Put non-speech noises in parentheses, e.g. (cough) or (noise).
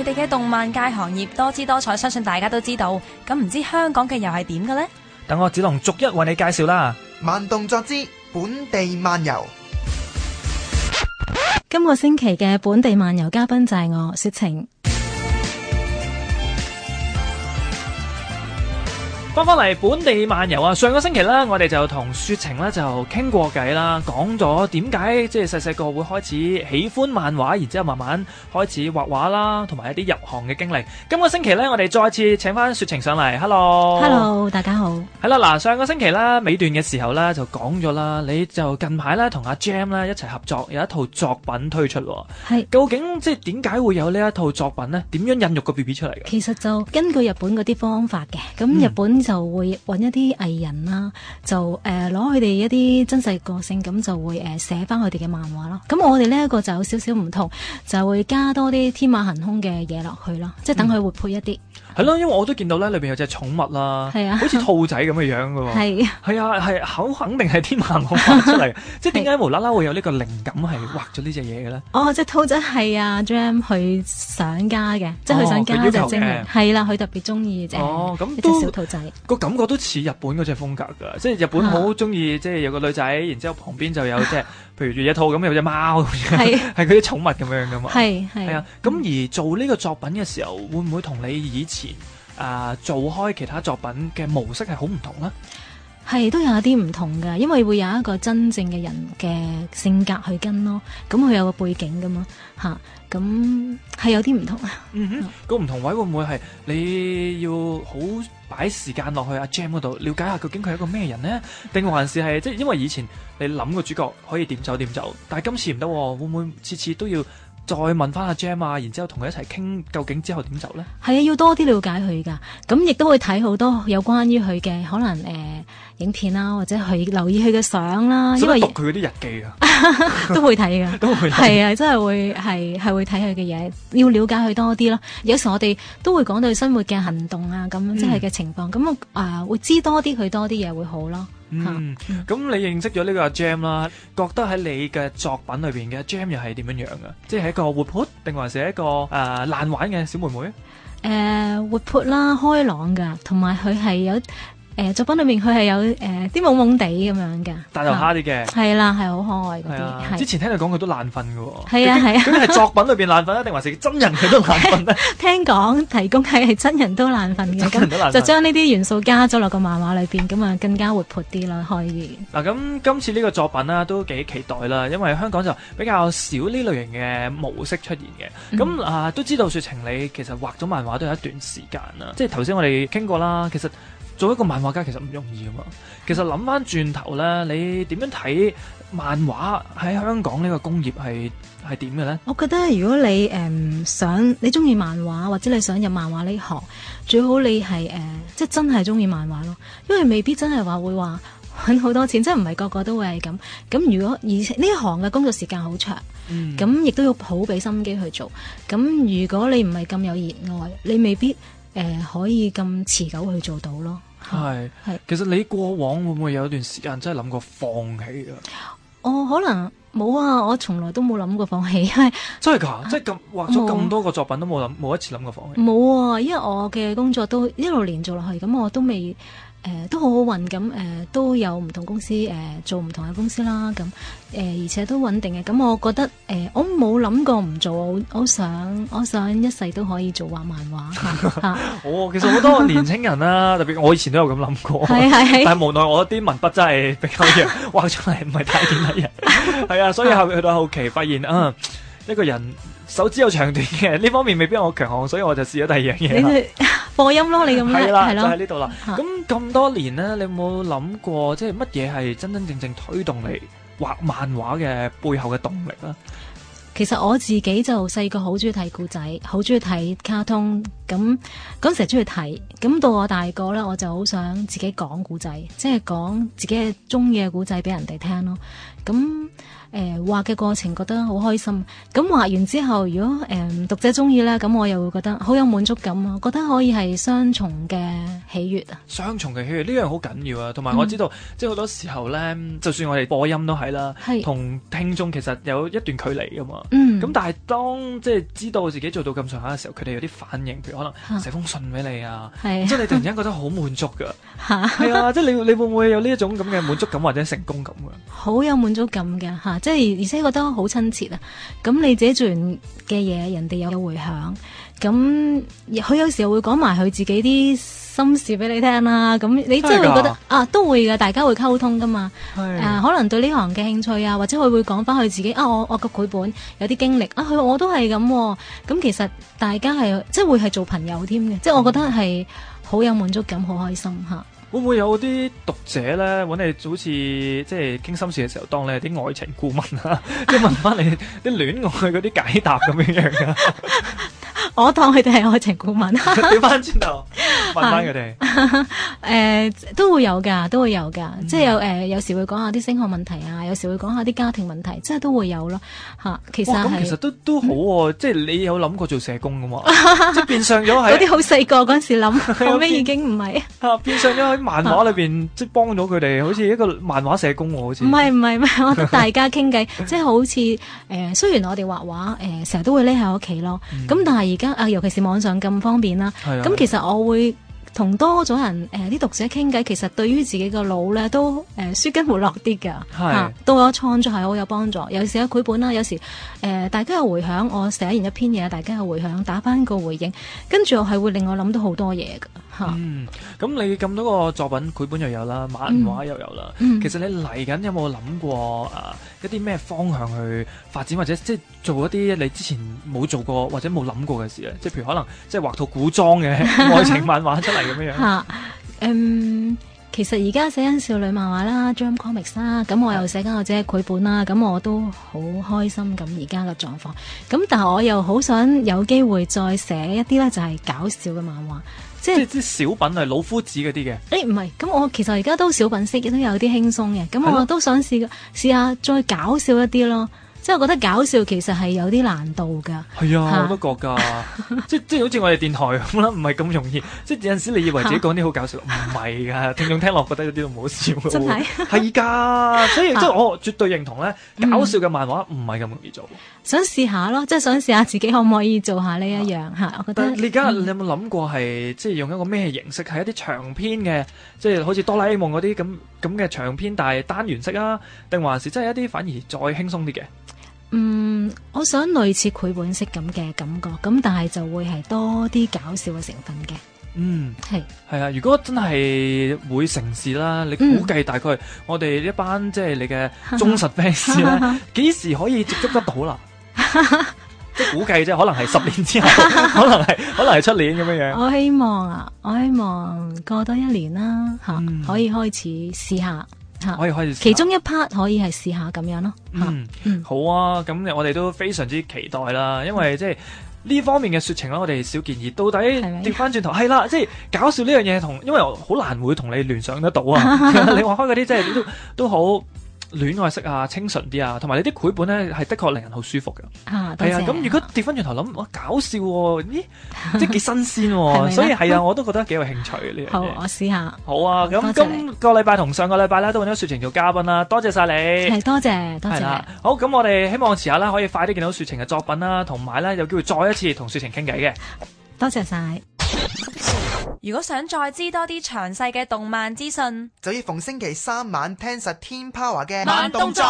佢哋嘅動漫界行業多姿多彩，相信大家都知道。咁唔知香港嘅又係點嘅呢？等我只能逐一為你介紹啦。慢動作之本地漫遊，今個星期嘅本地漫遊嘉賓就係我，雪晴。翻返嚟本地漫遊啊！上個星期啦，我哋就同雪晴咧就傾過偈啦，講咗點解即係細細個會開始喜歡漫畫，然之後慢慢開始畫畫啦，同埋一啲入行嘅經歷。今個星期咧，我哋再次請翻雪晴上嚟。Hello，Hello，Hello, 大家好。係啦，嗱，上個星期啦，尾段嘅時候咧就講咗啦，你就近排咧同阿 G.E.M. 咧一齊合作有一套作品推出。係是，究竟即係點解會有呢一套作品咧？點樣孕育個 B B 出嚟嘅？其實就根據日本嗰啲方法嘅，咁日本、嗯。就會揾一啲藝人啦，就誒攞佢哋一啲真實個性，咁就會誒寫翻佢哋嘅漫畫咯。咁我哋呢一個就有少少唔同，就會加多啲天馬行空嘅嘢落去咯，即係等佢活潑一啲。嗯係咯，因為我都見到咧，裏邊有隻寵物啦，係啊，是啊好似兔仔咁嘅樣噶，係，係啊，係口是、啊啊啊、肯定係啲漫畫畫出嚟、 (laughs) 哦，即係點解無啦啦會有呢個靈感係畫咗呢隻嘢嘅咧？哦，隻兔仔係啊，Jam 佢想加嘅，即係佢想加一隻精靈，係、哦、啦，佢特別中意隻，哦，咁隻小兔仔個感覺都似日本嗰隻風格噶，即係日本好中意，啊、即係有個女仔，然之後旁邊就有即 (laughs) 譬如住一套咁，有隻貓，係嗰啲寵物咁樣噶嘛。係係啊，咁而做呢個作品嘅時候，會唔會同你以前啊、呃、做開其他作品嘅模式係好唔同咧？係都有啲唔同㗎，因為會有一個真正嘅人嘅性格去跟咯，咁佢有個背景噶嘛，吓，咁係有啲唔同啊。嗯哼， (laughs) 個唔同位會唔會係你要好擺時間落去阿、啊、Jam 嗰度了解下究竟佢係一個咩人呢？定 (laughs) 還是係即係因為以前你諗個主角可以點走點走，但係今次唔得、啊，會唔會次次都要？再問翻阿 Gem 啊，然之後同佢一齊傾究竟之後點走咧？係啊，要多啲了解佢噶，咁亦都會睇好多有關於佢嘅可能誒、呃、影片啦，或者佢留意佢嘅相啦。想讀佢嗰啲日記啊， (laughs) 都會睇嘅。 (laughs) 都係，係啊，真係會係係會睇佢嘅嘢，要了解佢多啲咯。有時我哋都會講到生活嘅行動啊，咁即係嘅情況，咁啊誒會知多啲佢多啲嘢會好咯。嗯，咁、嗯、你認識咗呢個 Gem 啦， (noise) 覺得喺你嘅作品裏邊嘅 Gem 又係點樣樣啊？樣即係一個活潑，定還是一個誒爛、呃、玩嘅小妹妹？誒、uh，活潑啦，開朗㗎，同埋佢係有。誒作品裏面佢係有誒啲懵懵地咁樣嘅，大頭蝦啲嘅，係啦，係好可愛嗰啲。係、啊、是之前聽佢講佢都懶瞓嘅喎，係啊係啊。咁啲係作品裏邊懶瞓啊，定還是真人佢都懶瞓咧？ (laughs) 聽講提供係真人都懶瞓嘅， (laughs) 就將呢啲元素加咗落個漫畫裏邊，咁啊更加活潑啲咯，可以。嗱咁今次呢個作品啦、啊，都幾期待啦，因為香港就比較少呢類型嘅模式出現嘅。咁、嗯、啊都知道雪晴，你其實畫咗漫畫都有一段時間啦，即係頭先我哋傾過啦，其實。做一個漫畫家其實唔容易噶嘛。其實諗翻轉頭咧，你點樣睇漫畫喺香港呢個工業係係點嘅咧？呢我覺得如果你誒、呃、想你中意漫畫，或者你想入漫畫呢行，最好你係誒、呃、即係真係中意漫畫咯。因為未必真係話會話揾好多錢，真係唔係個個都會係咁。咁如果而且呢行嘅工作時間好長，咁亦、嗯、都要好俾心機去做。咁如果你唔係咁有熱愛，你未必誒、呃、可以咁持久去做到咯。係，係其實你過往會唔會有一段時間真係諗過放棄啊？我可能冇啊，我從來都冇諗過放棄，係，真係噶，即係咁畫咗咁多個作品都冇諗，冇一次諗過放棄。冇啊，因為我嘅工作都一路連做落去，咁我都未。誒都好好運咁，誒都有唔同公司誒、呃、做唔同嘅公司啦，咁、啊、誒而且都穩定嘅，咁、啊、我覺得誒、呃、我冇諗過唔做，我，我想我想一世都可以做畫漫畫嚇、 (noise) 哦。其實好多年青人啦、啊，特別我以前都有咁諗過， (laughs) 但係無奈我啲文筆真係比較弱，畫 (laughs) 出嚟唔係太見得人。係啊， (laughs) (laughs) 所以後去到後期發現啊。 (laughs) (noise) 一個人手指有長短嘅，呢方面未必有我強項，所以我就試咗第二樣嘢。播音咯，你咁係 (laughs) 啦，就喺呢度啦。咁咁、啊、多年咧，你有冇諗過，即係乜嘢係真真正正推動你畫漫畫嘅背後嘅動力咧？其實我自己就細個好中意睇故仔，好中意睇卡通。咁陣時中意睇，咁到我大個咧，我就好想自己講古仔，即係講自己嘅中意嘅古仔俾人哋聽咯。咁誒畫嘅過程覺得好開心，咁畫完之後如果誒、呃、讀者中意咧，咁我又會覺得好有滿足感啊！我覺得可以係雙重嘅喜悅啊！雙重嘅喜悅呢樣好緊要啊！同埋我知道，嗯、即係好多時候咧，就算我哋播音都係啦，同是聽眾其實有一段距離噶嘛。嗯，咁但係當即係知道自己做到咁上下嘅時候，佢哋有啲反應可能寫封信俾你啊，是啊即係你突然間覺得好滿足㗎，係 (laughs) 啊，即係你你會唔會有呢一種咁嘅滿足感或者成功感？嘅？ (laughs) 好有滿足感㗎吓，啊，即係而且覺得好親切啊！咁你自己做完嘅嘢，人哋有回響，咁佢有時候會講埋佢自己啲心事俾你聽啦、啊，咁你即係會覺得啊，都會嘅，大家會溝通噶嘛，的啊，可能對呢行嘅興趣啊，或者佢會講翻佢自己啊，我我個繪本有啲經歷啊，佢我都係咁、啊，咁、啊、其實大家係即係會係做朋友添嘅，即係我覺得係好有滿足感，好開心吓。的會唔會有啲讀者咧搵你，好似即係傾心事嘅時候，當你係啲愛情顧問啊，即係 (laughs) (laughs) 問翻你啲戀愛嗰啲解答咁樣樣啊？我當佢哋係愛情顧問，調翻轉頭問翻佢哋。誒都會有㗎，都會有㗎，即係有誒有時會講下啲升學問題啊，有時會講下啲家庭問題，即係都會有咯嚇。其實、哦、其實都都好喎、啊，嗯、即係你有諗過做社工㗎嘛？ (laughs) 即係變相咗係嗰啲好細個嗰陣時諗， (laughs) 有變後尾已經唔係啊，變相咗喺漫畫裏邊 (laughs) 即係幫咗佢哋，好似一個漫畫社工喎，好似唔係唔係唔係，我覺得大家傾偈即係好似誒、呃，雖然我哋畫畫誒成日都會匿喺屋企咯，咁、嗯、但係而家。啊，尤其是網上咁方便啦，咁的其實我會同多咗人誒，啲、呃、讀者傾偈，其實對於自己個腦咧都誒舒筋活絡啲噶，對我創作係好有幫助。有時寫繪本啦，有時誒大家有回響，我寫完一篇嘢，大家有回響打返個回應，跟住我係會令我諗到好多嘢噶。嗯，咁你咁多個作品繪本又有啦，漫畫又有啦，嗯嗯、其實你嚟緊有冇諗過啊、呃、一啲咩方向去發展或者即係做一啲你之前冇做過或者冇諗過嘅事咧？即、就、係、是、譬如可能即係畫套古裝嘅愛情漫畫出嚟咁樣樣。嗯，其實而家寫緊少女漫畫啦 John Comics 啦，咁我又寫緊我自己嘅繪本啦，咁我都好開心咁而家嘅狀況。咁但係我又好想有機會再寫一啲咧，就係搞笑嘅漫畫。.即係啲小品係老夫子嗰啲嘅，誒唔係，咁我其實而家都小品式，都有啲輕鬆嘅，咁我的都想試嘅，試下再搞笑一啲咯。即係覺得搞笑其實係有啲難度噶，係啊、哎，我都覺噶， (laughs) 即係即係好似我哋電台咁啦，唔係咁容易。即係有陣時你以為自己講啲好搞笑，唔係噶，聽眾聽落覺得有啲都唔好笑。真係係噶，所以即係我絕對認同咧， (laughs) 嗯、搞笑嘅漫畫唔係咁容易做。想試下咯，即係想試下自己可唔可以做下呢一樣吓？ (laughs) 我覺得但你而家，嗯、你有冇諗過係即係用一個咩形式？係一啲長篇嘅，即係好似哆啦 A 夢嗰啲咁咁嘅長篇，但係單元式啊，定還是真係一啲反而再輕鬆啲嘅？嗯，我想類似繪本式咁嘅感覺，咁但係就會係多啲搞笑嘅成分嘅。嗯，係係啊，如果真係會成事啦，你估計大概我哋一班即係你嘅忠實 fans 咧，幾 (laughs) 時可以接觸得到啦？即 (laughs) 估計啫，可能係十年之後，可能係可能係出年咁樣樣。我希望啊，我希望過多一年啦，吓、嗯、可以開始試下。可以開始，其中一 part 可以係試下咁樣咯。嗯，嗯好啊，咁我哋都非常之期待啦， (laughs) 因為即係呢方面嘅說情啦，我哋小建議到底調翻轉頭係啦，即係搞笑呢樣嘢同，因為好難會同你聯想得到啊。 (laughs) (laughs) 你話開嗰啲即係都都好。戀愛式啊，清純啲啊，同埋你啲繪本咧係的確令人好舒服嘅，係啊。咁、啊、如果跌翻轉頭諗，哇，搞笑喎、啊，咦，即係幾新鮮喎、啊， (laughs) 是是所以係啊，我都覺得幾有興趣呢樣嘢。 (laughs) 好，我試下。好啊，咁謝今個禮拜同上個禮拜咧都搵咗雪晴做嘉賓啦，多謝晒你。係多謝，多謝。啊、好，咁我哋希望遲下咧可以快啲見到雪晴嘅作品啦，同埋咧有機會再一次同雪晴傾偈嘅。多謝晒。如果想再知多啲詳細嘅動漫資訊，就要逢星期三晚聽實 Teen Power 嘅慢動作。